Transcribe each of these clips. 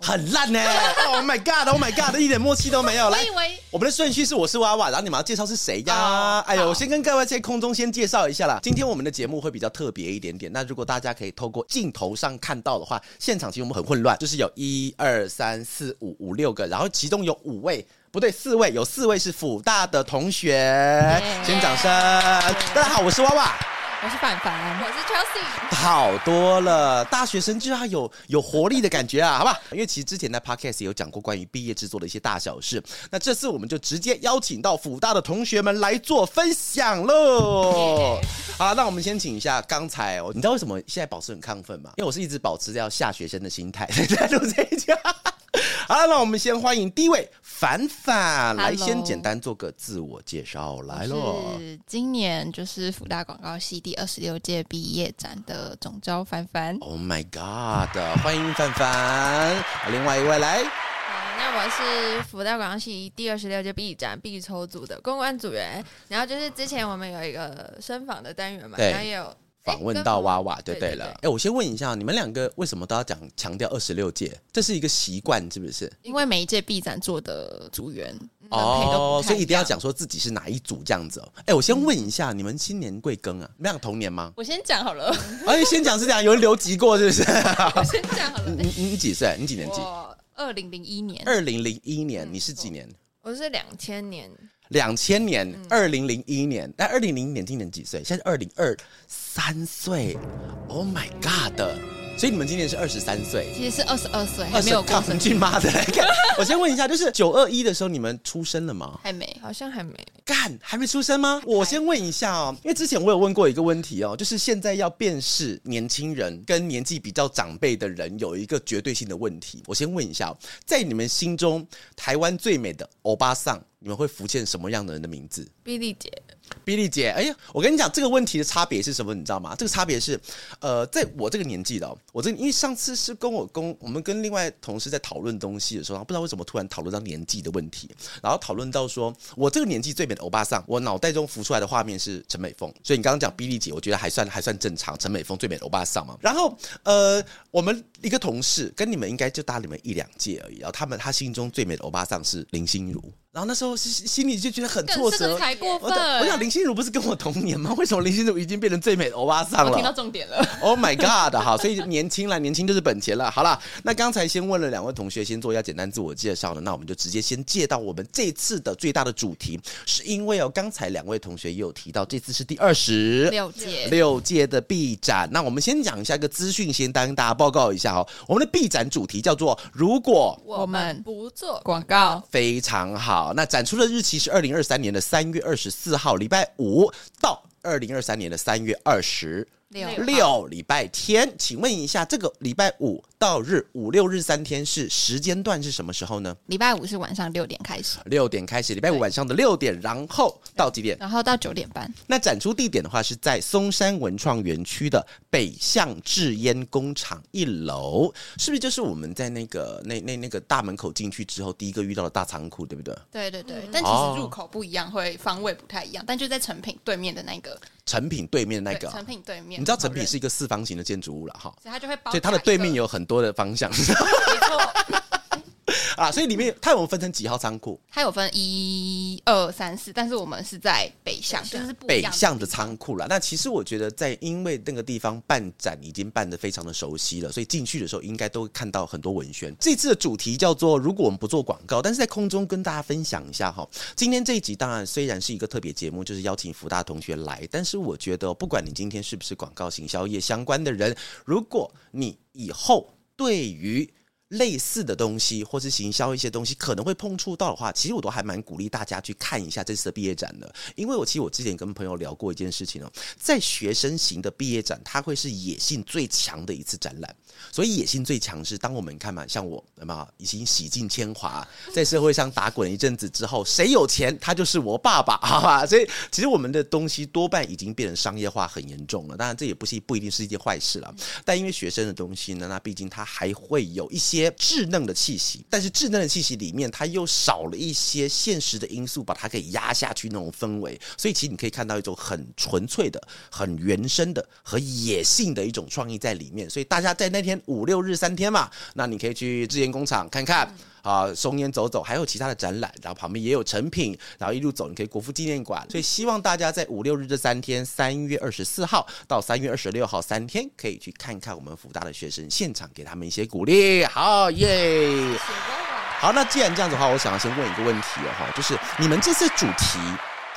很爛呢、欸、 ！Oh my god! Oh my god! 一點默契都沒有。 來，喂喂，我們的順序是，我是娃娃，然後你們要介紹是誰呀？Hello. 哎呦，好我先跟各位在空中先介紹一下啦。今天我們的節目會比較特別一點點。那如果大家可以透過鏡頭上看到的話，現場其實我們很混亂，就是有一二三四五五六個，然後其中有五位不對，四位有四位是輔大的同學，Hey. 先掌聲！Hey. 大家好，我是娃娃。我是凡凡，我是喬西。好多了！大學生就要有有活力的感覺啊，好吧？因為其實之前在 Podcast 有講過關於畢業制作的一些大小事，那這次我們就直接邀請到輔大的同學們來做分享嘍。Yeah. 好，那我們先請一下，剛才哦，你知道為什麼現在保持很亢奮嗎？因為我是一直保持著要下學生的心態在錄這好，那我們先歡迎第一位凡凡來，先簡單做個自我介紹，來嘍。Hello, 我是今年就是輔大廣告系第二十六屆畢業展的總召凡凡。Oh my god！歡迎凡凡。 另外一位來、嗯，那我是輔大廣告系第二十六屆畢業展畢籌組的公關組員。然後就是之前我們有一個深訪的單元嘛，然後有。訪誒問到娃娃就對了。哎、欸，我先問一下，你們兩個為什麼都要講強調二十六屆？這是一個習慣，是不是？因為每一屆畢展做的組員哦，所以一定要講說自己是哪一組這樣子、哦。哎、欸，我先問一下，嗯、你們今年貴庚啊？你們兩個同年嗎？我先講好了。哎、啊，先講是這樣有人留級過，是不是？我先講好了。 你你幾歲？你幾年級？二零零一年。二零零一年，嗯、你是幾年？我，我是兩千年。兩千年，二零零一年，嗯、但二零零一年今年幾歲？現在是二零二三歲，Oh my God！所以你們今年是二十三歲，其實是二十二歲，還沒有媽、啊、的來看， 我先問一下，就是九二一的時候你們出生了嗎？還沒，好像還沒。幹，還沒出生嗎？沒我先問一下哦，因為之前我有問過一個問題哦，就是現在要辨識年輕人跟年紀比較長輩的人有一個絕對性的問題，我先問一下、哦，在你們心中台灣最美的歐巴桑，你們會浮現什麼樣的人的名字？比利姐。比利姐，哎呀，我跟你講這個問題的差別是什麼？你知道嗎？這個差別是，呃，在我這個年紀的，我這因為上次是跟我公，我們跟另外同事在討論東西的時候，然後，不知道為什麼突然討論到年紀的問題，然後討論到說我這個年紀最美的歐巴桑，我腦袋中浮出來的畫面是陳美鳳，所以你剛剛講比利姐，我覺得還算還算正常，陳美鳳最美的歐巴桑嘛。然後，呃，我們一個同事跟你們應該就搭你們一兩屆而已，然後他們他心中最美的歐巴桑是林心如。然後那時候心心裡就覺得很錯愕，過分我。我想林心如不是跟我同年嗎？為什麼林心如已經變成最美的歐巴桑了？我聽到重點了。Oh my god 哈，所以年輕啦， 年輕就是本錢了。好了，那剛才先問了兩位同學，先做一下簡單自我介紹了，那我們就直接先接到我們這次的最大的主題，是因為哦，剛才兩位同學也有提到，這次是第二十六屆節六屆的畢展。那我們先講一下一個資訊，先跟大家報告一下哦，我們的畢展主題叫做“如果我們不做廣告”，非常好。好，那展出的日期是二零二三年的三月二十四號，禮拜五到二零二三年的三月二十。六六禮拜天，請問一下，這個禮拜五到日五六日三天是時間段是什麼時候呢？禮拜五是晚上六點開始，六點開始，禮拜五晚上的六點，對然後到幾點？然後到九點半。那展出地點的話是在松山文創園區的北向製煙工廠一樓，是不是就是我們在那個那那那，那個大門口進去之後第一個遇到的大倉庫，對不對？對對對，嗯、但其實入口不一樣，會方位不太一樣，但就在誠品對面的那個，誠品對面那個、啊，誠品對面。你知道誠品是一個四方形的建築物啦哈，所以它就會，所以它的對面有很多的方向，你知道嗎？ 啊，所以裡面它有分成幾號倉庫，它有分一二三四，但是我們是在北向，對就是北向的倉庫啦。那其實我覺得，在因為那個地方辦展已經辦得非常的熟悉了，所以進去的時候應該都看到很多文宣。這次的主題叫做“如果我們不做廣告”，但是在空中跟大家分享一下哈。今天這一集當然雖然是一個特別節目，就是邀請輔大同學來，但是我覺得、喔、不管你今天是不是廣告行銷業相關的人，如果你以後對於類似的東西，或是行銷一些東西，可能會碰觸到的話，其實我都還蠻鼓勵大家去看一下這次的畢業展。的。因為我其實我之前跟朋友聊過一件事情哦、喔，在學生型的畢業展，它會是野性最強的一次展覽。所以野性最強是當我們看嘛，像我那麼已經洗盡鉛華，在社會上打滾一陣子之後，誰有錢他就是我爸爸，好吧？所以其實我們的東西多半已經變成商業化很嚴重了。當然，這也不是不一定是一件壞事啦。但因為學生的東西呢，那畢竟它還會有一些。稚嫩的氣息，但是稚嫩的氣息裡面，它又少了一些現實的因素，把它給壓下去那種氛圍。所以，其實你可以看到一種很純粹的、很原生的和野性的一種創意在裡面。所以，大家在那天五六日三天嘛，那你可以去製菸工廠看看。嗯啊，松煙走走，還有其他的展覽，然後旁邊也有誠品，然後一路走，你可以國父紀念館。所以希望大家在五六日這三天，三月二十四號到三月二十六號三天，可以去看看我們輔大的學生，現場給他們一些鼓勵。好耶！Yeah 嗯、好，那既然這樣子的話，我想要先問一個問題哈、哦，就是你們這次主題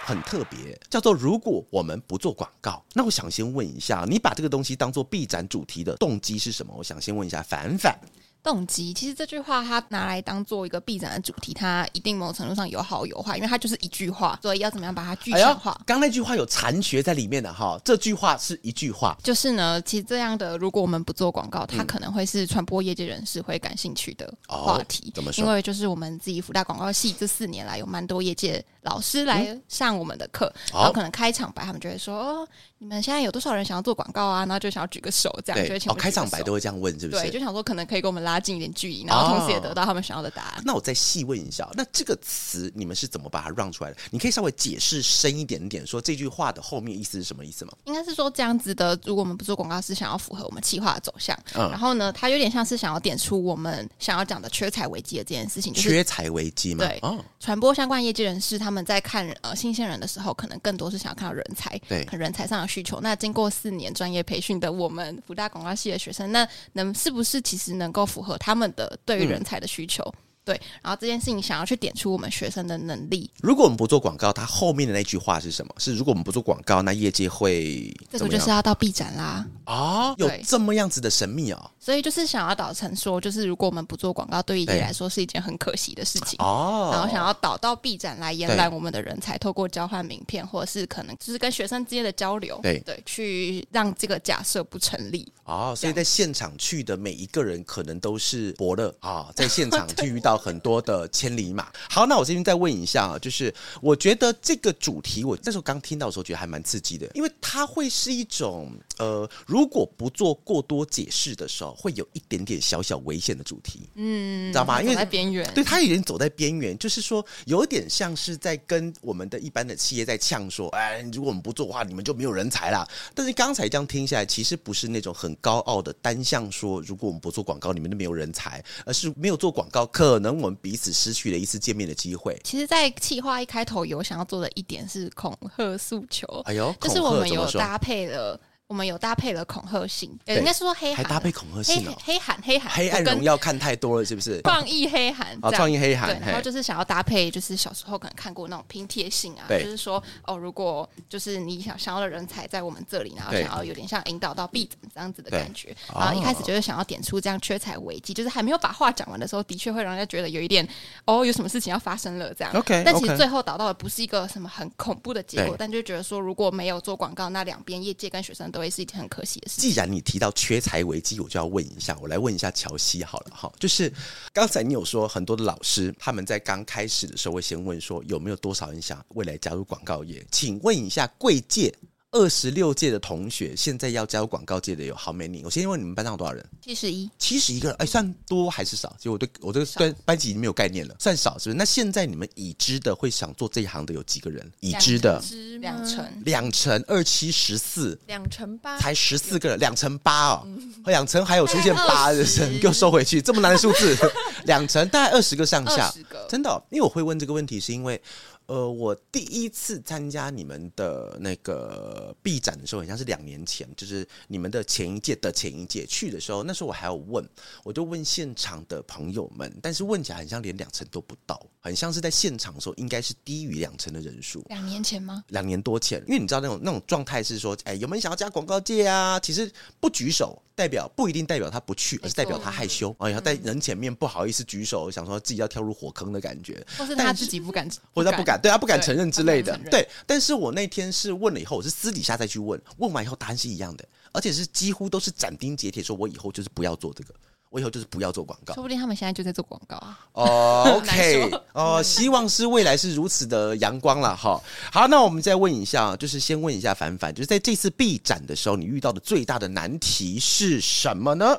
很特別，叫做如果我們不做廣告，那我想先問一下，你把這個東西當做畢展主題的動機是什麼？我想先問一下凡凡。反反動機其實這句話，它拿來當做一個畢展的主題，它一定某程度上有好有壞，因為它就是一句話，所以要怎麼樣把它具體化，哎？剛那句話有殘缺在裡面的哈，這句話是一句話，就是呢，其實這樣的，如果我們不做廣告，它可能會是傳播業界人士會感興趣的話題，嗯 oh, 怎麼說？因為就是我們自己輔大廣告系這四年來有蠻多業界。老師來上我們的課，嗯、然後可能開場白，他們就會說：“哦，你們現在有多少人想要做廣告啊？”那就想要舉個手，這樣就會、哦、開場白都會這樣問，是不是？對，就想說可能可以跟我們拉近一點距離，然後同時也得到他們想要的答案。哦、那我再細問一下，那這個詞你們是怎麼把它讓出來的？你可以稍微解釋深一點點，說這句話的後面意思是什麼意思嗎？應該是說這樣子的，如果我們不做廣告是想要符合我們企劃的走向。嗯，然後呢，他有點像是想要點出我們想要講的缺財危機的這件事情，就是、缺財危機嘛。對，傳播相關業界人士、哦、他們。他們在看呃新鮮人的時候，可能更多是想要看到人才，對，和人才上的需求。那經過四年專業培訓的我們輔大廣告系的學生，那能是不是其實能夠符合他們的對於人才的需求？嗯、對，然後這件事情想要去點出我們學生的能力。如果我們不做廣告，它後面的那句話是什麼？是如果我們不做廣告，那業界會？這不就是要到畢展啦？哦，對有這麼樣子的神秘哦。所以就是想要導成說，就是如果我們不做廣告，對於你來說是一件很可惜的事情。哦，oh, 然後想要導到畢展來延攬對我們的人才，透過交換名片或者是可能就是跟學生之間的交流，對對，去讓這個假設不成立。哦、oh,，所以在現場去的每一個人可能都是伯樂啊，oh, 在現場就遇到很多的千里馬。 好，那我這邊再問一下啊，就是我覺得這個主題，我那時候剛聽到的時候覺得還蠻刺激的，因為它會是一種。呃，如果不做過多解釋的時候，會有一點點小小危險的主題，嗯，你知道嗎？走因為在邊緣，對他已經走在邊緣，就是說，有點像是在跟我們的一般的企業在嗆說，哎、欸，如果我們不做的話，你們就沒有人才啦。但是剛才這樣聽下來，其實不是那種很高傲的單向說，如果我們不做廣告，你們就沒有人才，而是沒有做廣告，可能我們彼此失去了一次見面的機會。其實，在企劃一開頭有想要做的一點是恐嚇訴求，哎呦，就是我們有搭配了。我們有搭配了恐嚇性，應該是說黑還搭配恐嚇性哦。黑喊黑喊，黑，黑，黑暗榮耀看太多了是不是？創 意黑喊啊，創、哦、意黑喊，然後就是想要搭配，就是小時候可能看過那種拼貼性啊，對就是說哦，如果就是你想想要的人才在我們這裡，然後想要有點像引導到畢展這樣子的感覺對然後一開始就是想要點出這樣缺才危機，就是還沒有把話講完的時候，的確會讓人家覺得有一點哦，有什麼事情要發生了這樣。OK，對但其實最後導到的不是一個什麼很恐怖的結果，對但就覺得說如果沒有做廣告，那兩邊業界跟學生都。是一件很可惜的事。既然你提到缺才危機，我就要問一下，我來問一下喬西好了哈。就是剛才你有說很多的老師，他們在剛開始的時候會先問說有沒有多少人想未來加入廣告業？請問一下貴界。二十六屆的同學，現在要加入廣告界的有好美女。我先問你們班上有多少人？七十一，七十一個人，哎、欸，算多還是少？其實我對我這個對班級已經沒有概念了，算少是不是？那現在你們已知的會想做這一行的有幾個人？已知的，兩成兩成二七十四，兩成八，2, 7, 14, 8, 才十四個人，兩成八哦，兩成、嗯、還有出現八，人。給我收回去，這麼難的數字，兩成大概二十個上下，個真的、哦。因為我會問這個問題，是因為。呃，我第一次參加你們的那個畢展的時候，很像是兩年前，就是你們的前一屆的前一屆去的時候，那時候我還有問，我就問現場的朋友們，但是問起來很像連兩成都不到，很像是在現場的時候應該是低於兩成的人數。兩年前嗎？兩年多前，因為你知道那種那種狀態是說，哎、欸，有沒有想要加廣告界啊？其實不舉手，代表不一定代表他不去，而是代表他害羞，哎，要在人前面不好意思舉手，想說自己要跳入火坑的感覺，或是他自己不敢，是不敢或者他不敢。對啊，他不敢承認之類的。對,對，但是我那天是問了以後，我是私底下再去問，問完以後答案是一樣的，而且是幾乎都是斬釘截鐵說，我以後就是不要做這個，我以後就是不要做廣告。說不定他們現在就在做廣告啊。哦，OK， 說哦，希望是未來是如此的陽光了。好、哦、好，那我們再問一下，就是先問一下凡凡，就是在這次畢展的時候，你遇到的最大的難題是什麼呢？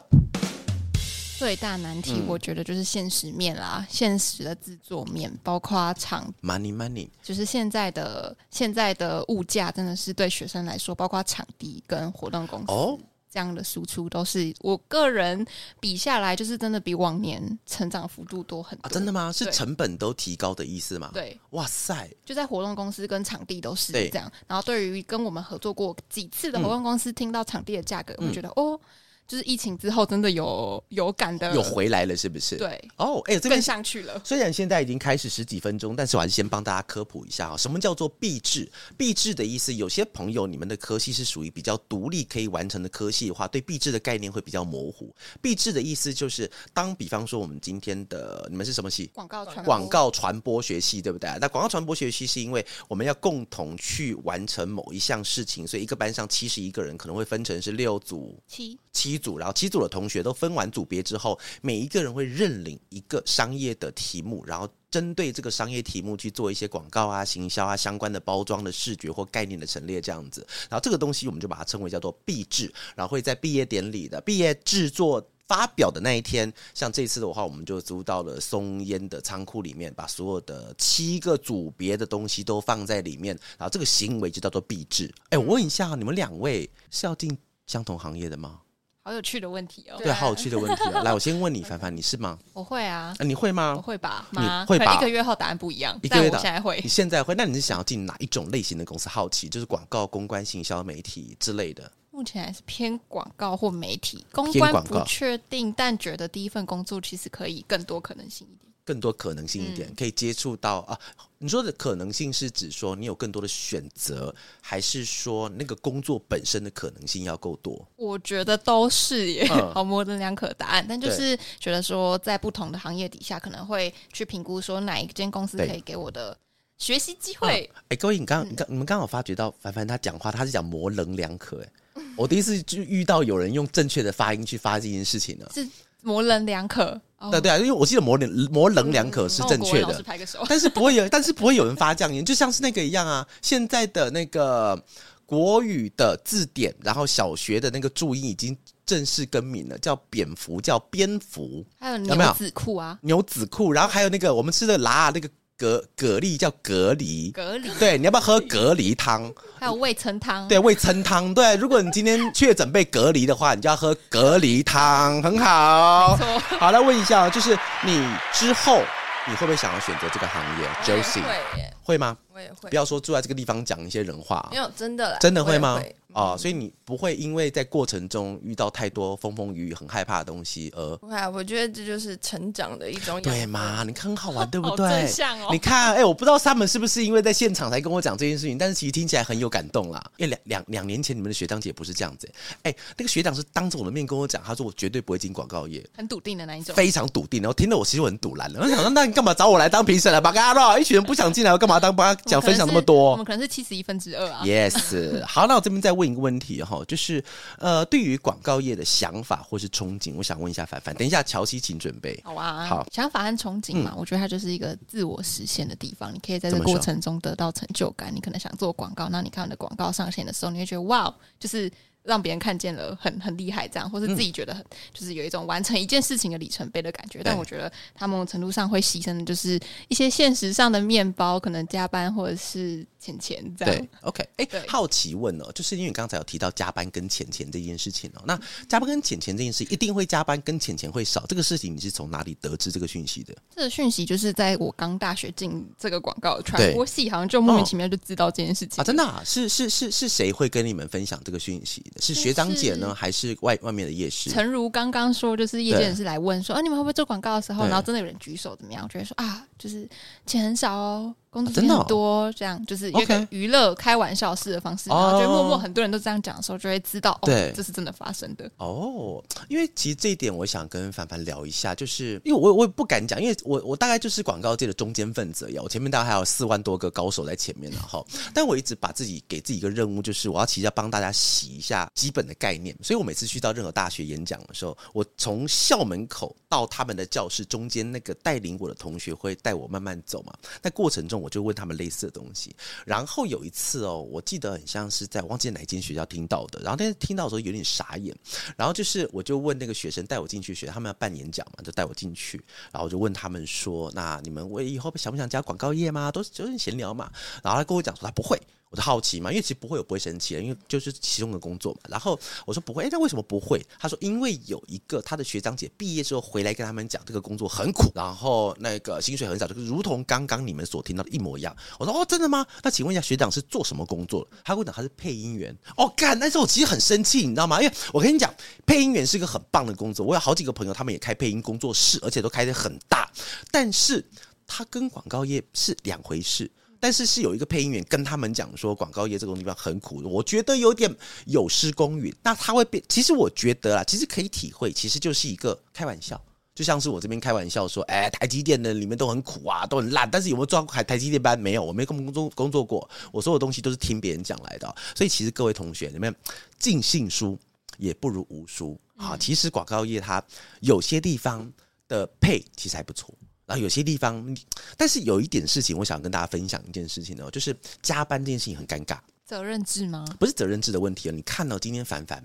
最大難題，我覺得就是現實面啦，嗯、現實的制作面，包括場 money money，就是現在的現在的物價真的是對學生來說，包括場地跟活動公司這樣的輸出都是，哦、我個人比下來就是真的比往年成長幅度多很多，啊、真的嗎？對是成本都提高的意思嗎？對，哇塞，就在活動公司跟場地都是這樣，對然後對於跟我們合作過幾次的活動公司，聽到場地的價格，嗯、我覺得、嗯、哦。就是疫情之後，真的有有感的，有回來了，是不是？對，哦，哎，這邊上去了。雖然現在已經開始十幾分鐘，但是我還是先幫大家科普一下啊：嗯、什麼叫做畢製？畢製的意思，有些朋友，你們的科系是屬於比較獨立可以完成的科系的話，對畢製的概念會比較模糊。畢製的意思就是，當比方說我們今天的你們是什麼系？廣告傳廣告傳播學系，對不對？那廣告傳播學系是因為我們要共同去完成某一項事情，所以一個班上七十一個人可能會分成是六組七。七組，然後七組的同學都分完組別之後，每一個人會認領一個商業的題目，然後針對這個商業題目去做一些廣告啊、行銷啊相關的包裝的視覺或概念的陳列這樣子。然後這個東西我們就把它稱為叫做畢製，然後會在畢業典禮的畢業制作發表的那一天。像這次的話，我們就租到了松菸的倉庫裡面，把所有的七個組別的東西都放在裡面。然後這個行為就叫做畢製。哎，我問一下，你們兩位是要進相同行業的嗎？好有趣的問題哦！對，好有趣的問題哦。來，我先問你， 凡凡，你是嗎？我會啊。你會嗎？我會，啊、我會吧。你會吧？一個月後答案不一樣。一個月後會。你現在會？那你是想要進哪一種類型的公司？好奇，就是廣告、公關、行銷、媒體之類的。目前還是偏廣告或媒體，公關不確定，但覺得第一份工作其實可以更多可能性一點。更多可能性一點，嗯、可以接觸到啊？你說的可能性是指說你有更多的選擇，還是說那個工作本身的可能性要夠多？我覺得都是耶，好模稜兩可答案。但就是覺得說，在不同的行業底下，可能會去評估說哪一間公司可以給我的學習機會。哎、嗯嗯嗯欸，各位，你剛你你們剛好發覺到凡凡他講話，他是講模稜兩可。哎、嗯，我第一次就遇到有人用正確的發音去發這件事情了。是模稜兩可，哦、對對啊，因為我記得模稜模稜兩可是正確的，嗯、但是不會有，但是不會有人發這樣音， 就像是那個一樣啊。現在的那個國語的字典，然後小學的那個注音已經正式更名了，叫蝙蝠，叫蝙蝠。還有牛仔褲啊，有有牛仔褲，然後還有那個我們吃的辣、啊、那個。蛤蛤蜊叫蛤蜊，蛤蜊。對，你要不要喝蛤蜊湯？還有味噌湯，對，味噌湯。對，如果你今天確診被隔離的話，你就要喝蛤蜊湯，很好。沒錯。好，來問一下，就是你之後你會不會想要選擇這個行業，Josie？會，會嗎？我也會。不要說住在這個地方講一些人話。沒有，真的，真的會嗎？哦，所以你不會因為在過程中遇到太多風風雨雨，很害怕的東西而，我覺得這就是成長的一種，對嘛？你看很好玩，對不對？真哦，你看，哎，欸，我不知道他們是不是因為在現場才跟我講這件事情，但是其實聽起來很有感動啦。因為兩兩兩年前你們的學長姐不是這樣子，欸，哎，欸，那個學長是當着我的面跟我講，他說我絕對不會進廣告業，很篤定的那一種，非常篤定。然後聽了我，其實我很賭爛，然後想說，那你幹嘛找我來當評審來把阿樂一群人不想進來，我幹嘛當？他講分享那麼多我，我們可能是七十一分之二啊。Yes，好，那我這邊再問。另一個問題哈，就是，呃，對於廣告業的想法或是憧憬，我想問一下凡凡。等一下，喬西，請準備。好啊，好，想法和憧憬嘛，嗯、我覺得它就是一個自我實現的地方。你可以在這個過程中得到成就感。你可能想做廣告，那你看你的廣告上線的時候，你會覺得哇，就是讓別人看見了很，很很厲害，這樣，或是自己覺得很，嗯、就是有一種完成一件事情的里程碑的感覺。對但我覺得，他們程度上會犧牲的就是一些現實上的麵包，可能加班或者是。錢錢這樣，o k 哎，okay 欸、對好奇問哦、喔，就是因為你剛才有提到加班跟錢錢這件事情哦、喔，那加班跟錢錢這件事，一定會加班跟錢錢會少，這個事情你是從哪裡得知這個訊息的？這個訊息就是在我剛大學進這個廣告傳播系，我自好像就莫名其妙就知道這件事情、嗯、啊，真的啊？是是是，是誰會跟你們分享這個訊息的？是學長姐呢，還是外外面的業界？誠如剛剛說，就是業界人士來問說，對啊，你們會不會做廣告的時候，對然後真的有人舉手怎麼樣？我覺得說啊，就是錢很少哦、喔。工作這麼多，這樣、啊哦、就是因為娛樂、開玩笑式的方式。Okay. 然後覺得默默很多人都這樣講的時候，就會知道，oh, 哦、對，這是真的發生的。哦，oh, 因為其實這一點，我想跟凡凡聊一下，就是因為我我也不敢講，因為我我大概就是廣告界的中間分子，我前面大概還有四萬多個高手在前面了哈。 但我一直把自己給自己一個任務，就是我要其實要幫大家洗一下基本的概念。所以我每次去到任何大學演講的時候，我從校門口到他們的教室中間，那個帶領我的同學會帶我慢慢走嘛，那過程中。我就問他們類似的東西，然後有一次哦，我記得很像是在忘記哪一間學校聽到的，然後但是聽到的時候有點傻眼，然後就是我就問那個學生帶我進去學，他們要辦演講嘛，就帶我進去，然後我就問他們說，那你們我以後想不想加廣告業嗎？都是就是閒聊嘛，然後他跟我講說他不會。我就好奇嘛，因為其實不會有不會生氣的，因為就是其中的工作嘛。然後我說不會，哎、欸，那為什麼不會？他說因為有一個他的學長姐畢業之後回來跟他們講這個工作很苦，然後那個薪水很少，就是如同剛剛你們所聽到的一模一樣。我說哦，真的嗎？那請問一下學長是做什麼工作的？他會講他，他是配音員。哦，干！但是我其實很生氣，你知道嗎？因為我跟你講，配音員是一個很棒的工作。我有好幾個朋友，他們也開配音工作室，而且都開得很大，但是它跟廣告業是兩回事。但是是有一個配音員跟他們講說，廣告業這種地方很苦，我覺得有點有失公允。那他會變，其實我覺得啊，其實可以體會，其實就是一個開玩笑，就像是我這邊開玩笑說，哎、欸，台積電的裡面都很苦啊，都很爛。但是有沒有裝過台台積電班？沒有，我沒工工作過，我所有東西都是聽別人講來的。所以其實各位同學裡面，盡信書也不如無書、嗯、啊。其實廣告業它有些地方的配其實還不錯。然後有些地方，但是有一點事情，我想跟大家分享一件事情呢、哦，就是加班這件事情很尷尬，責任制嗎？不是責任制的問題、哦，你看到、哦、今天凡凡。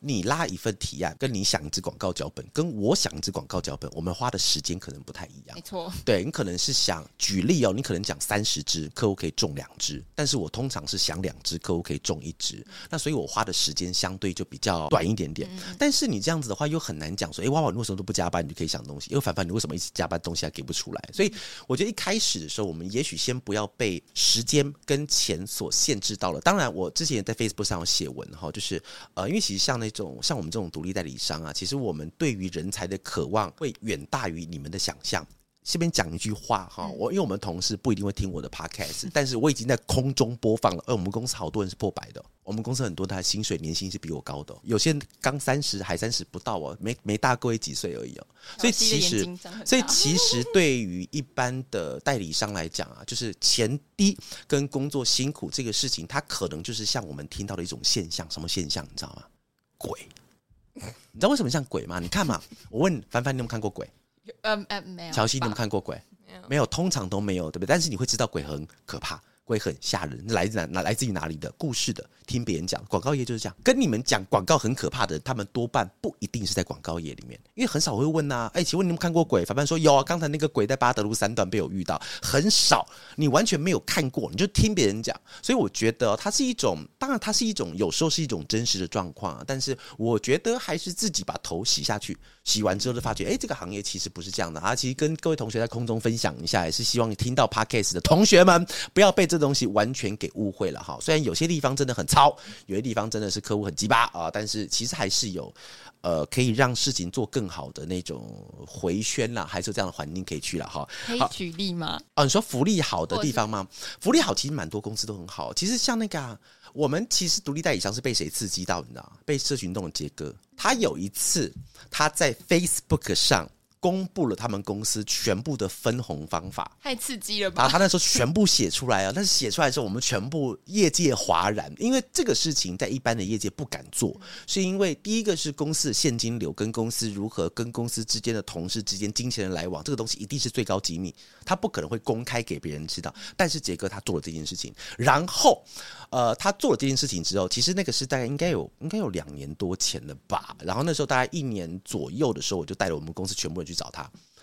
你拉一份提案，跟你想一支廣告腳本，跟我想一支廣告腳本，我們花的時間可能不太一樣。沒錯，對你可能是想舉例哦，你可能講三十支客戶可以中兩支，但是我通常是想兩支客戶可以中一支，嗯、那所以我花的時間相對就比較短一點點。嗯、但是你這樣子的話，又很難講說，誒、欸，哇哇，你為什麼都不加班，你就可以想東西？因為凡凡，你為什麼一直加班，東西還給不出來？所以我覺得一開始的時候，我們也許先不要被時間跟錢所限制到了。當然，我之前也在 Facebook 上有寫文哈，就是呃，因為其實像那。這種像我們這種獨立代理商啊，其實我們對於人才的渴望會遠大於你們的想象。這邊講一句話哈，我、嗯、因為我們同事不一定會聽我的 podcast、嗯、但是我已經在空中播放了。而我們公司好多人是破百的，我們公司很多，他的薪水年薪是比我高的。有些人剛三十還三十不到哦，沒沒大過幾歲而已哦。所以其實，所以其實對於一般的代理商來講啊，就是錢低跟工作辛苦這個事情，它可能就是像我們聽到的一種現象。什麼現象你知道嗎？鬼，你知道為什麼像鬼嗎？ 你看嘛，我問凡凡，你有沒有看過鬼？呃呃，呃沒有。喬西，你有沒有看過鬼？沒有，沒有，通常都沒有，對不對？但是你會知道鬼很可怕，鬼很嚇人，來自哪來，來，來自於哪裡的故事的。聽別人講，廣告業就是這樣。跟你們講廣告很可怕的人，他們多半不一定是在廣告業裡面，因為很少會問吶、啊。哎、欸，請問你們看過鬼？凡凡說有啊。剛才那個鬼在八德路三段被我遇到，很少。你完全沒有看過，你就聽別人講。所以我覺得、哦、它是一種，當然它是一種，有時候是一種真實的狀況、啊。但是我覺得還是自己把頭洗下去，洗完之後就發覺，哎、欸，這個行業其實不是這樣的啊。其實跟各位同學在空中分享一下，也是希望你聽到 Podcast 的同學們不要被這東西完全給誤會了哈。雖然有些地方真的很差。好，有些地方真的是客戶很雞巴啊，但是其實還是有，呃，可以讓事情做更好的那種回旋啦，還是有這樣的環境可以去了哈。可以舉例嗎？啊，你說福利好的地方嗎？是福利好其實蠻多公司都很好。其實像那個、啊、我們其實獨立代理商是被誰刺激到？你知道嗎？被社群丼的傑哥，他有一次他在 Facebook 上。公佈了他們公司全部的分紅方法，太刺激了吧，啊！他那時候全部寫出來了，但是寫出來之後，我們全部業界譁然，因為這個事情在一般的業界不敢做，是因為第一個是公司的現金流，跟公司如何跟公司之間的同事之間金錢的來往，這個東西一定是最高機密，他不可能會公開給別人知道。但是杰哥他做了這件事情，然後。呃，他做了這件事情之後，其實那個是大概應該有應該有兩年多前了吧。然後那時候大概一年左右的時候，我就帶了我們公司全部人去找他，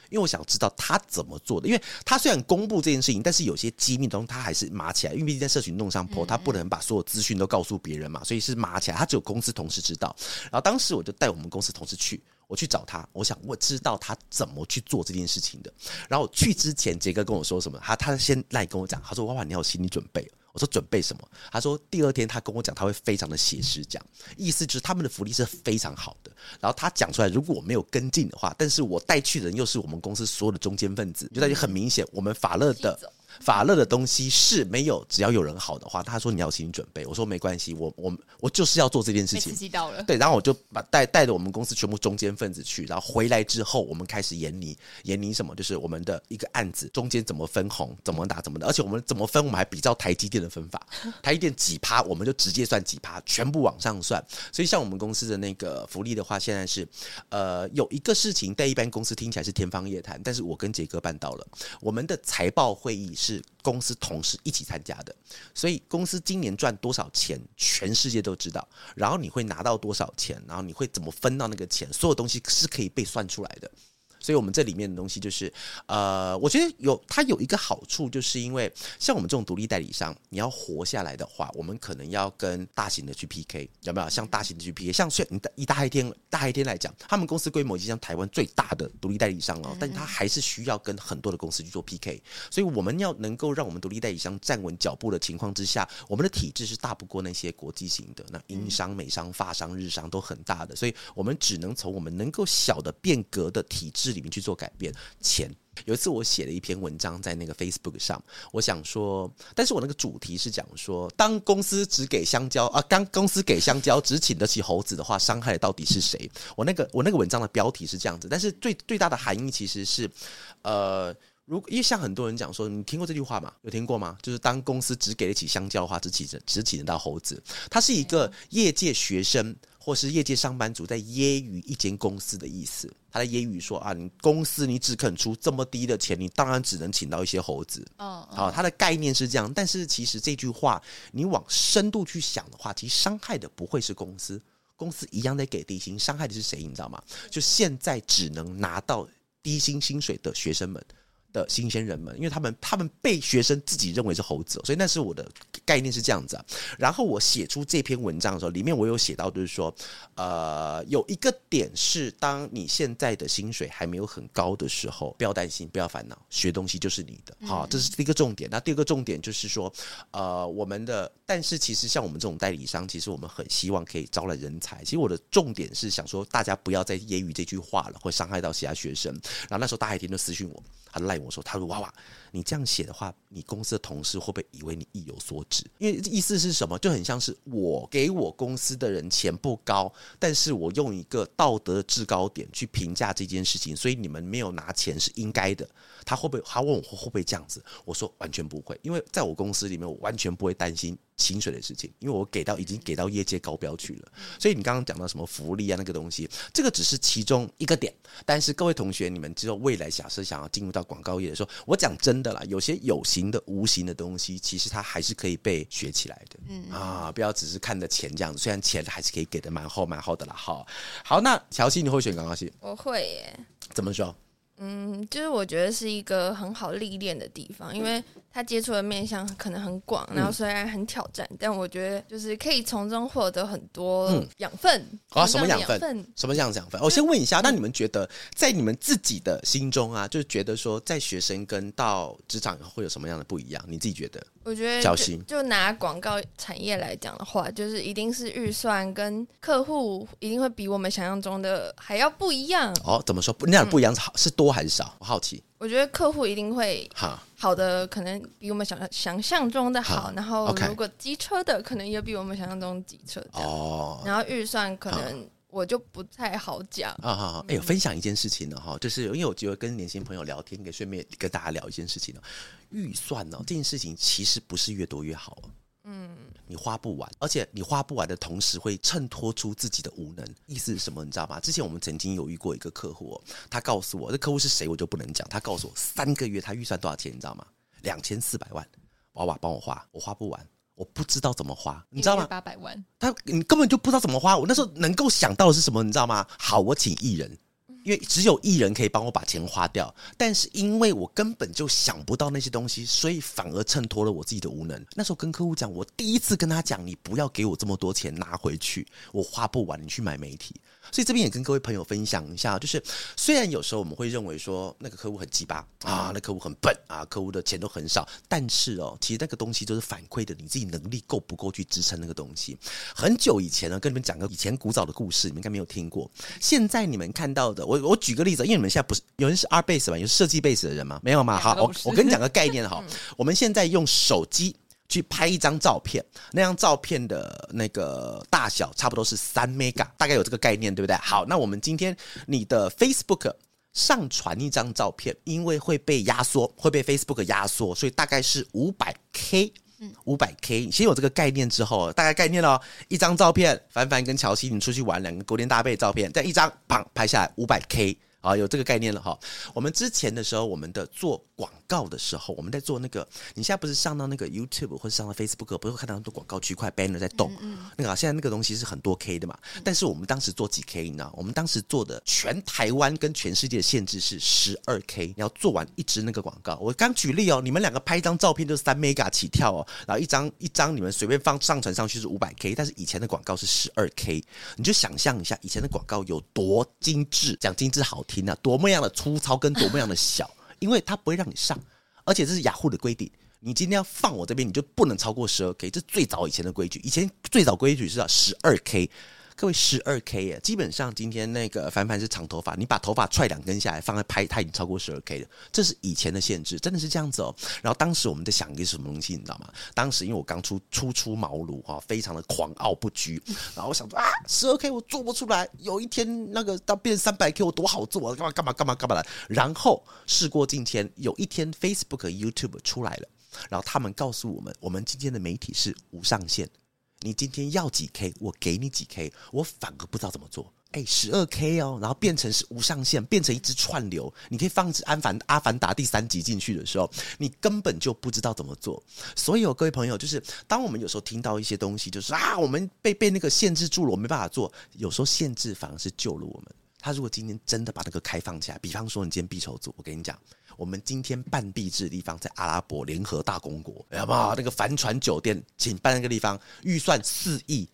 因為我想知道他怎麼做的。因為他雖然公布這件事情，但是有些機密東西他還是麻起來，因為畢竟在社群弄上 po，他不能把所有資訊都告訴別人嘛，嗯、所以是麻起來，他只有公司同事知道。然後當時我就帶我們公司同事去，我去找他，我想我知道他怎麼去做這件事情的。然後去之前，杰哥跟我說什麼？他他先賴跟我講，他說：“哇哇，你要有心理準備。”我說，準備什麼？他說第二天他跟我講，他會非常的寫實講，意思就是他們的福利是非常好的。然後他講出來，如果我沒有跟進的話，但是我帶去的人又是我們公司所有的中堅分子，就大家很明顯，我們法樂的。法樂的東西是沒有，只要有人好的話，他說你要有心理準備，我說沒關係，我我我，就是要做這件事情。刺激到了，對，然後我就把帶帶着我們公司全部中堅分子去，然後回來之後，我們開始研擬研擬什麼，就是我們的一個案子中間怎麼分紅，怎麼打怎麼的，而且我們怎麼分，我們還比照台積電的分法，台積電幾趴我們就直接算幾趴，全部往上算。所以像我們公司的那個福利的話，現在是呃有一個事情，在一般公司聽起來是天方夜譚，但是我跟傑哥辦到了，我們的財報會議，是公司同事一起參加的，所以公司今年賺多少錢，全世界都知道。然後你會拿到多少錢，然後你會怎麼分到那個錢，所有東西是可以被算出來的。所以，我們這裡面的東西就是，呃，我覺得有它有一個好處，就是因為像我們這種獨立代理商，你要活下來的話，我們可能要跟大型的去 PK，有沒有？像大型的去 PK，像雖然你一大黑天，大黑天來講，他們公司規模已經像台灣最大的獨立代理商了哦，但他還是需要跟很多的公司去做 PK。所以，我們要能夠讓我們獨立代理商站穩腳步的情況之下，我們的體制是大不過那些國際型的，那英商、美商、法商、日商都很大的，所以我們只能從我們能夠小的變革的體制。裡面去做改變。錢有一次我寫了一篇文章在那個 Facebook 上，我想說，但是我那個主題是講說，當公司只給香蕉啊，當公司給香蕉只請得起猴子的話，傷害到底是誰？我那個我那個文章的標題是這樣子，但是最最大的含義其實是，呃，如果因為像很多人講說，你聽過這句話嗎？有聽過嗎？就是當公司只給得起香蕉的話，只請只請得到猴子，他是一個業界學生。或是業界上班族在揶揄一間公司的意思，他在揶揄說啊，你公司你只肯出這麼低的錢，你當然只能請到一些猴子。哦，好，哦，他的概念是這樣，但是其實這句話你往深度去想的話，其實傷害的不會是公司，公司一樣在給低薪，傷害的是誰？你知道嗎？就現在只能拿到低薪薪水的學生們。的新鮮人們，因為他們他們被學生自己認為是猴子，所以那是我的概念是這樣子。啊。然後我寫出這篇文章的時候，裡面我有寫到，就是說，呃，有一個點是，當你現在的薪水還沒有很高的時候，不要擔心，不要煩惱，學東西就是你的，好，嗯啊，這是第一個重點。那第二個重點就是說，呃，我們的，但是其實像我們這種代理商，其實我們很希望可以招來人才。其實我的重點是想說，大家不要再揶揄這句話了，會傷害到其他學生。然後那時候大海天都私訊我，很賴。我說，他說娃娃。你這樣寫的話，你公司的同事會不會以為你意有所指？因為意思是什麼，就很像是我給我公司的人錢不高，但是我用一個道德的制高點去評價這件事情，所以你們沒有拿錢是應該的。他會不會？他問我會不會這樣子？我說完全不會，因為在我公司裡面，我完全不會擔心薪水的事情，因為我給到已經給到業界高標去了。所以你剛剛講到什麼福利啊那個東西，這個只是其中一個點。但是各位同學，你們之後未來假設想要進入到廣告業的時候，我講真。的啦，有些有形的、無形的東西，其實它還是可以被學起來的。嗯啊，不要只是看著錢這樣子，雖然錢還是可以給的蠻厚、蠻厚的啦。好，好，那喬西，你會選廣告業？我會耶。怎麼說？嗯，就是我覺得是一個很好歷練的地方，因為。他接觸的面向可能很廣，然後雖然很挑戰，嗯、但我覺得就是可以從中獲得很多養分啊，什麼養分？什麼樣子養分？我就、哦、先問一下，那你們覺得在你們自己的心中啊，就是覺得說，在學生跟到職場以後會有什麼樣的不一樣？你自己覺得？我覺得就，小心就拿廣告產業來講的話，就是一定是預算跟客戶一定會比我們想象中的還要不一樣。哦，怎麼說不那樣的不一樣是好？嗯、是多還是少？我好奇。我覺得客戶一定會好好的，哈可能比我們想想象中的好。哈然後，如果機車的，哦、可能也比我們想象中機車哦。然後預算可能我就不太好講啊。好好，哎，分享一件事情呢，哦、哈，就是因為有機會跟年輕朋友聊天，可以順便跟大家聊一件事情呢，哦。預算呢、哦，這件事情其實不是越多越好啊。你花不完，而且你花不完的同時，會襯托出自己的無能。意思是什麼？你知道嗎？之前我們曾經有遇過一個客戶，他告訴我，這客戶是誰我就不能講。他告訴我三個月他預算多少錢，你知道嗎？兩千四百萬，娃娃幫我花，我花不完，我不知道怎麼花，你知道嗎？八百萬，他你根本就不知道怎麼花。我那時候能夠想到的是什麼？你知道嗎？好，我請藝人。因為只有藝人可以幫我把錢花掉，但是因為我根本就想不到那些東西，所以反而襯托了我自己的無能。那時候跟客戶講，我第一次跟他講，你不要給我這麼多錢，拿回去，我花不完，你去買媒體。所以這邊也跟各位朋友分享一下，就是雖然有時候我們會認為說那個客戶很雞巴啊，那客戶很笨啊，客戶的錢都很少，但是哦，其實那個東西就是反饋的你自己能力夠不夠去支撐那個東西。很久以前呢，跟你們講個以前古早的故事，你們應該沒有聽過。現在你們看到的，我我舉個例子，因為你們現在不是有人是二 base 嘛，有設計 base 的人嗎？沒有嘛？好，我我跟你講個概念哈， 嗯、我們現在用手機。去拍一張照片，那張照片的那個大小差不多是三 mega，大概有這個概念，對不對？好，那我們今天你的 Facebook 上傳一張照片，因為會被壓縮，會被 Facebook 壓縮，所以大概是五百 k，五百 k。你先有這個概念之後，大概概念哦，一張照片，凡凡跟喬西你出去玩，兩個勾肩搭背照片，再一張砰拍下來五百 k。啊，有這個概念了哈。我們之前的時候，我們的做廣告的時候，我們在做那個，你現在不是上到那個 YouTube 或者上到 Facebook，不是會看到很多廣告區塊 banner 在動？嗯嗯，那個現在那個東西是很多 K 的嘛？但是我們當時做幾 K 呢？我們當時做的全台灣跟全世界的限制是十二 K。你要做完一支那個廣告，我剛舉例哦、喔，你們兩個拍一張照片就是三 Mega 起跳哦、喔，然後一張一張你們隨便放上傳上去是五百 K，但是以前的廣告是十二 K，你就想象一下以前的廣告有多精致，講精致好聽。多麼樣的粗糙跟多麼樣的小，因為他不會讓你上，而且這是雅虎的規定。你今天要放我這邊，你就不能超過十二 K。這是最早以前的規矩，以前最早規矩是要十二 K。各位十二 k 耶，基本上今天那個凡凡是長頭髮，你把頭髮踹兩根下來放在拍，它已經超過十二 k 了。這是以前的限制，真的是這樣子哦。然後當時我們在想一個什麼東西，你知道嗎？當時因為我剛出初出茅廬啊，非常的狂傲不羈。然後我想說啊，十二 k 我做不出來，有一天那個到變成三百 k 我多好做啊，幹嘛幹嘛幹嘛幹嘛的。然後事過境遷，有一天 Facebook、YouTube 出來了，然後他們告訴我們，我們今天的媒體是無上限。你今天要幾 k，我給你幾 k，我反而不知道怎麼做。哎、欸，十二 k 哦，然後變成是無上限，變成一隻串流，你可以放置安凡阿凡阿凡達第三集進去的時候，你根本就不知道怎麼做。所以、哦、各位朋友，就是當我們有時候聽到一些東西，就是啊，我們被被那個限制住了，我沒辦法做。有時候限制反而是救了我們。他如果今天真的把那個開放起來，比方說你今天畢籌組，我跟你講，我們今天辦畢製的地方在阿拉伯聯合大公國，好嗎？那個帆船酒店，請辦那個地方，預算四億，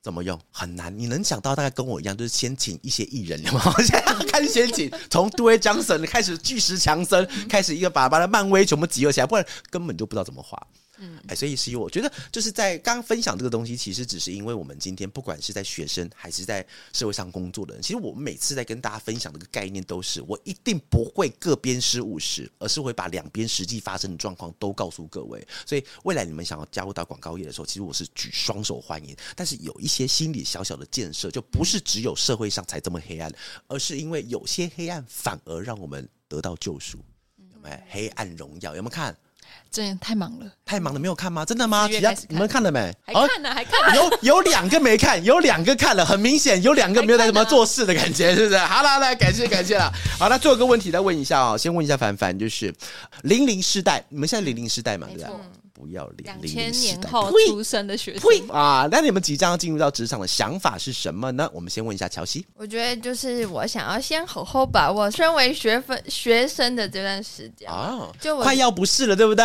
怎麼用很難？你能想到大概跟我一樣，就是先請一些藝人，好嗎？先先請，從杜威·江森開始，巨石強森開始，一個把把的漫威全部集合起來，不然根本就不知道怎麼花。嗯，哎，所以是因為我覺得就是在剛剛分享這個東西，其實只是因為我們今天不管是在學生還是在社會上工作的人，其實我們每次在跟大家分享這個概念，都是我一定不會各邊失誤時，而是會把兩邊實際發生的狀況都告訴各位。所以未來你們想要加入到廣告業的時候，其實我是舉雙手歡迎。但是有一些心理小小的建設，就不是只有社會上才這麼黑暗，嗯、而是因為有些黑暗反而讓我們得到救贖。有沒有、嗯、黑暗榮耀？有沒有看？真的太忙了，太忙了，沒有看嗎？真的嗎？你們看了沒？還看了、哦、還看了還看了。有。有有兩個沒看，有兩個看了，很明顯有兩個沒有在什麼做事的感覺，是不是？好了，來，感謝感謝了。 好啦，那最後一個問題再問一下啊、哦，先問一下凡凡，就是零零世代，你們現在零零世代嘛？沒錯錯。對吧不要臉，兩千年後出生的學生啊，那你們即將要進入到職場的想法是什麼呢？我們先問一下喬西。我覺得就是我想要先好好把握身為學分學生的這段時間啊，就我快要不是了，對不對？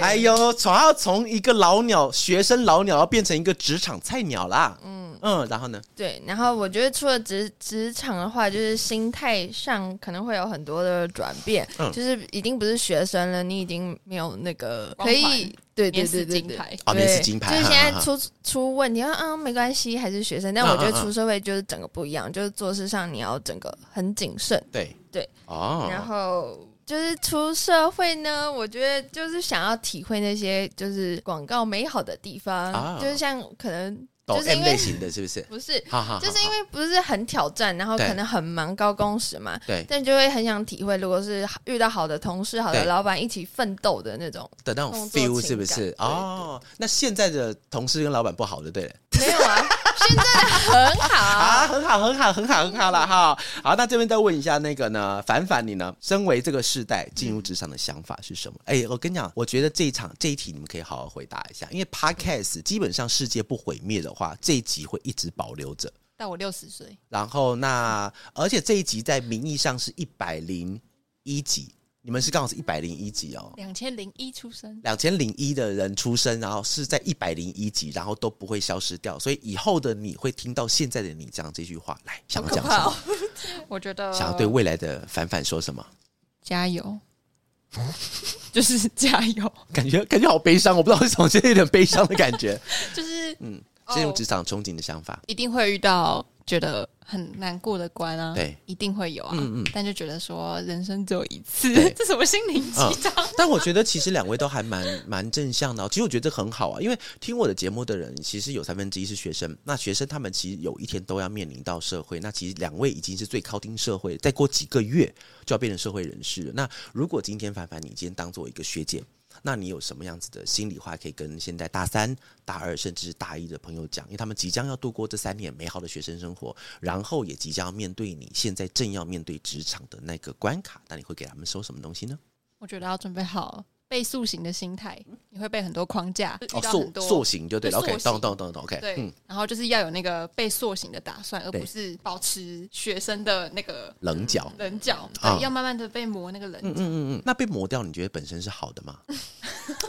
哎呦對，從要從一個老鳥學生老鳥，要變成一個職場菜鳥啦。嗯嗯，然後呢？對，然後我覺得除了職職場的話，就是心態上可能會有很多的轉變，嗯、就是已經不是學生了，你已經沒有那個可以。對，對，對，對，對，面試金牌對，就是金牌。就現在出啊啊啊出問題，啊。沒關係，還是學生。但我覺得出社會就是整個不一樣，啊啊啊就是做事上你要整個很謹慎。對對、哦、然後就是出社會呢，我覺得就是想要體會那些就是廣告美好的地方，啊啊啊就是像可能。就是因為類型的是不是？就是因為不是，好好好好，就是因為不是很挑戰，然後可能很忙，高工時嘛。對，但就會很想體會，如果是遇到好的同事、對好的老闆一起奮鬥的那種的那種 feel，是不是？對對對哦，那現在的同事跟老闆不好的，對？沒有啊。 現在很好 啊，很好，很好，很好，很、嗯、好了哈。好，那這邊再問一下那個呢，凡凡你呢？身為這個世代進入職場的想法是什麼？哎、嗯欸，我跟你講，我覺得這一場這一題你們可以好好回答一下，因為 Podcast 基本上世界不毀滅的話，這一集會一直保留着到我六十歲。然後那而且這一集在名義上是一百零一集。你們是剛好是一百零一級哦，兩千零一出生，兩千零一的人出生，然後是在一百零一級，然後都不會消失掉，所以以後的你會聽到現在的你講這句話，來，想要講什麼、哦？我覺得，想要對未來的凡凡說什麼？加油， 就是加油。感覺感覺好悲傷，我不知道為什麼，現在有點悲傷的感覺。 就是嗯，先用職場憧憬的想法，哦、一定會遇到。覺得很難過的關啊，對，一定會有啊，嗯嗯，但就覺得說人生只有一次，對這是我心靈雞湯。但我覺得其實兩位都還蠻蠻 正向的，其實我覺得很好啊，因為聽我的節目的人，其實有三分之一是學生，那學生他們其實有一天都要面臨到社會，那其實兩位已經是最靠近社會，再過幾個月就要變成社會人士了。那如果今天凡凡，凡凡你今天當做一個學姐。那你有什麼樣子的心裡話可以跟現在大三、大二，甚至大一的朋友講？因為他們即將要度過這三年美好的學生生活，然後也即將要面對你現在正要面對職場的那個關卡。那你會給他們收什麼東西呢？我覺得要準備好。被塑形的心態，你會被很多框架塑塑形就對了。OK，懂懂懂懂。OK，嗯，然後就是要有那個被塑形的打算，而不是保持學生的那個稜角稜角，要慢慢的被磨那個稜角。嗯嗯嗯嗯。那被磨掉，你覺得本身是好的嗎？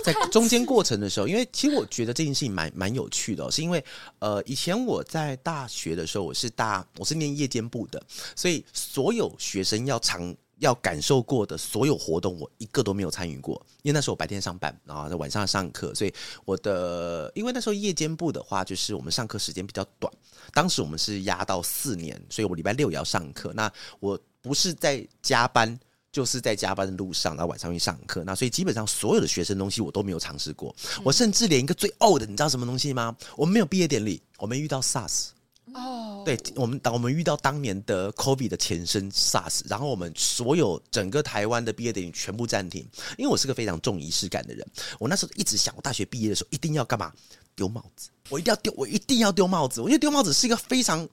在中間過程的時候，因為其實我覺得這件事情蠻蠻有趣的，是因為呃，以前我在大學的時候，我是大我是念夜間部的，所以所有學生要長。要感受過的所有活動，我一個都沒有參與過。因為那時候我白天上班啊，那晚上上課，所以我的因為那時候夜間部的話，就是我們上課時間比較短。當時我們是壓到四年，所以我禮拜六也要上課。那我不是在加班，就是在加班的路上，然後晚上去上課。那所以基本上所有的學生東西我都沒有嘗試過。嗯、我甚至連一個最 old 的，你知道什麼東西嗎？我們沒有畢業典禮，我們遇到 SARS。哦，oh. 對，我們當我們遇到當年的 COVID 的前身 SARS，然後我們所有整個台灣的畢業典禮全部暫停。因為我是個非常重儀式感的人，我那時候一直想，我大學畢業的時候一定要幹嘛丟帽子，我一定要丟，我一定要丟帽子。我覺得丟帽子是一個非常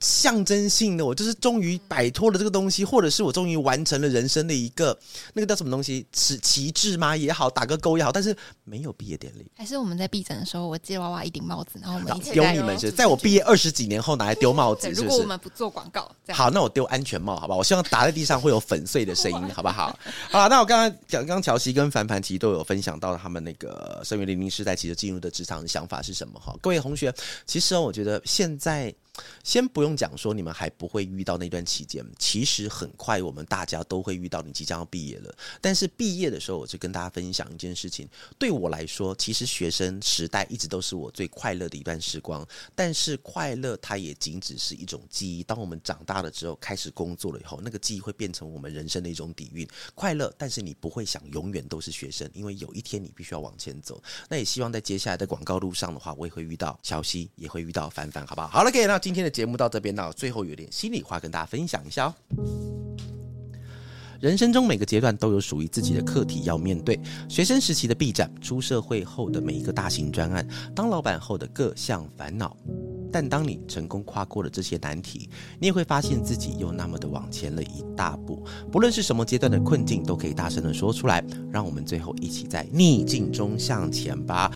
象徵性的，我就是終於擺脫了這個東西，或者是我終於完成了人生的一個那個叫什麼東西，是旗，旗幟嗎也好，打個勾也好，但是沒有畢業典禮。還是我們在畢展的時候，我借娃娃一頂帽子，然後我們一起後丟你們是，是在我畢業二十幾年後拿來丟帽子是是。 如果我們不做廣告，好，那我丟安全帽，好不好？我希望打在地上會有粉碎的聲音， 好不好？好了，那我剛剛講，剛喬西跟凡凡其實都有分享到他們那個生於零零世代，其實進入的職場的想法是什麼？好，各位同學，其實我覺得現在先不用講說你們還不會遇到那段期間，其實很快我們大家都會遇到。你即將要畢業了，但是畢業的時候，我就跟大家分享一件事情。對我來說，其實學生時代一直都是我最快樂的一段時光。但是快樂，它也僅只是一種記憶。當我們長大了之後，開始工作了以後，那個記憶會變成我們人生的一種底蘊。快樂，但是你不會想永遠都是學生，因為有一天你必須要往前走。那也希望在接下來的廣告路上的話，我也。會遇到喬西，也會遇到凡凡，好不好？好了，K，okay，那今天的節目到這邊呢。那我最後有點心裡話跟大家分享一下哦。人生中每個階段都有屬於自己的課題要面對，學生時期的畢展，出社會後的每一個大型專案，當老闆後的各項煩惱。但當你成功跨過了這些難題，你也會發現自己又那麼的往前了一大步。不論是什麼階段的困境，都可以大聲的說出來。讓我們最後一起在逆境中向前吧。